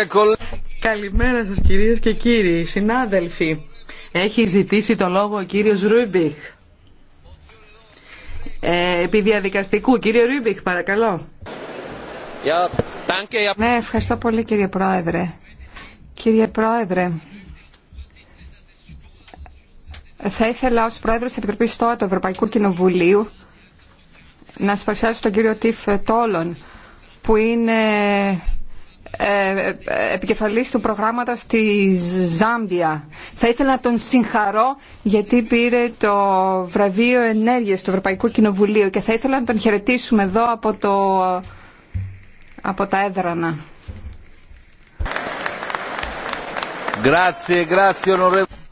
E Καλημέρα σας κυρίες και κύριοι, συνάδελφοι. Έχει ζητήσει το λόγο ο κύριος Ρούμπιχ. Ε, επί διαδικαστικού. Κύριε Ρούμπιχ, παρακαλώ. Ναι, ευχαριστώ πολύ κύριε Πρόεδρε. Κύριε Πρόεδρε, θα ήθελα ως Πρόεδρος της Επιτροπής ΣΤΟΑ του Ευρωπαϊκού Κοινοβουλίου να σας παρουσιάσω τον κύριο Τιφ Τόλον που είναι ε, επικεφαλής του προγράμματος στη Ζάμπια. Θα ήθελα να τον συγχαρώ γιατί πήρε το βραβείο ενέργειας του Ευρωπαϊκού Κοινοβουλίου και θα ήθελα να τον χαιρετήσουμε εδώ από, το, από τα έδρανα.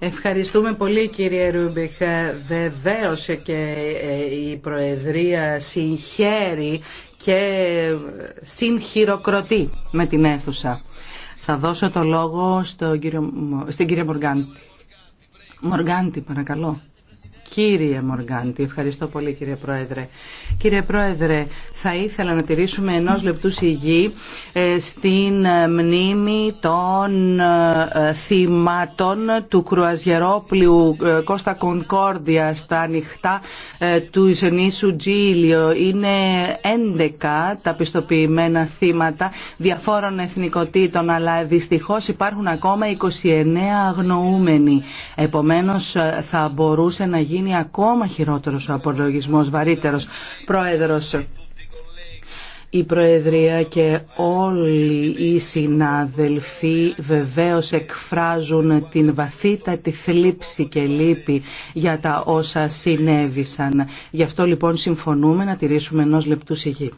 Ευχαριστούμε πολύ κύριε Ρούμπιχ. Ε, Βεβαίω και ε, η Προεδρία συγχαίρει και συγχειροκροτεί με την αίθουσα. Θα δώσω το λόγο στον κύριο, στην κυρία Μοργάντη. Μοργάντη, παρακαλώ κύριε Μοργάντη. Ευχαριστώ πολύ κύριε Πρόεδρε. Κύριε Πρόεδρε, θα ήθελα να τηρήσουμε ενός λεπτού σιγή ε, στην ε, μνήμη των ε, θυμάτων του κρουαζιερόπλου Κώστα Κονκόρδια στα ανοιχτά του Ισενίσου Τζίλιο. Είναι 11 τα πιστοποιημένα θύματα διαφόρων εθνικοτήτων, αλλά δυστυχώς υπάρχουν ακόμα 29 αγνοούμενοι. Επομένως θα μπορούσε να γίνει είναι ακόμα χειρότερος ο απολογισμός, βαρύτερος πρόεδρος. Η Προεδρία και όλοι οι συναδελφοί βεβαίως εκφράζουν την βαθύτατη θλίψη και λύπη για τα όσα συνέβησαν. Γι' αυτό λοιπόν συμφωνούμε να τηρήσουμε ενός λεπτού σιγή.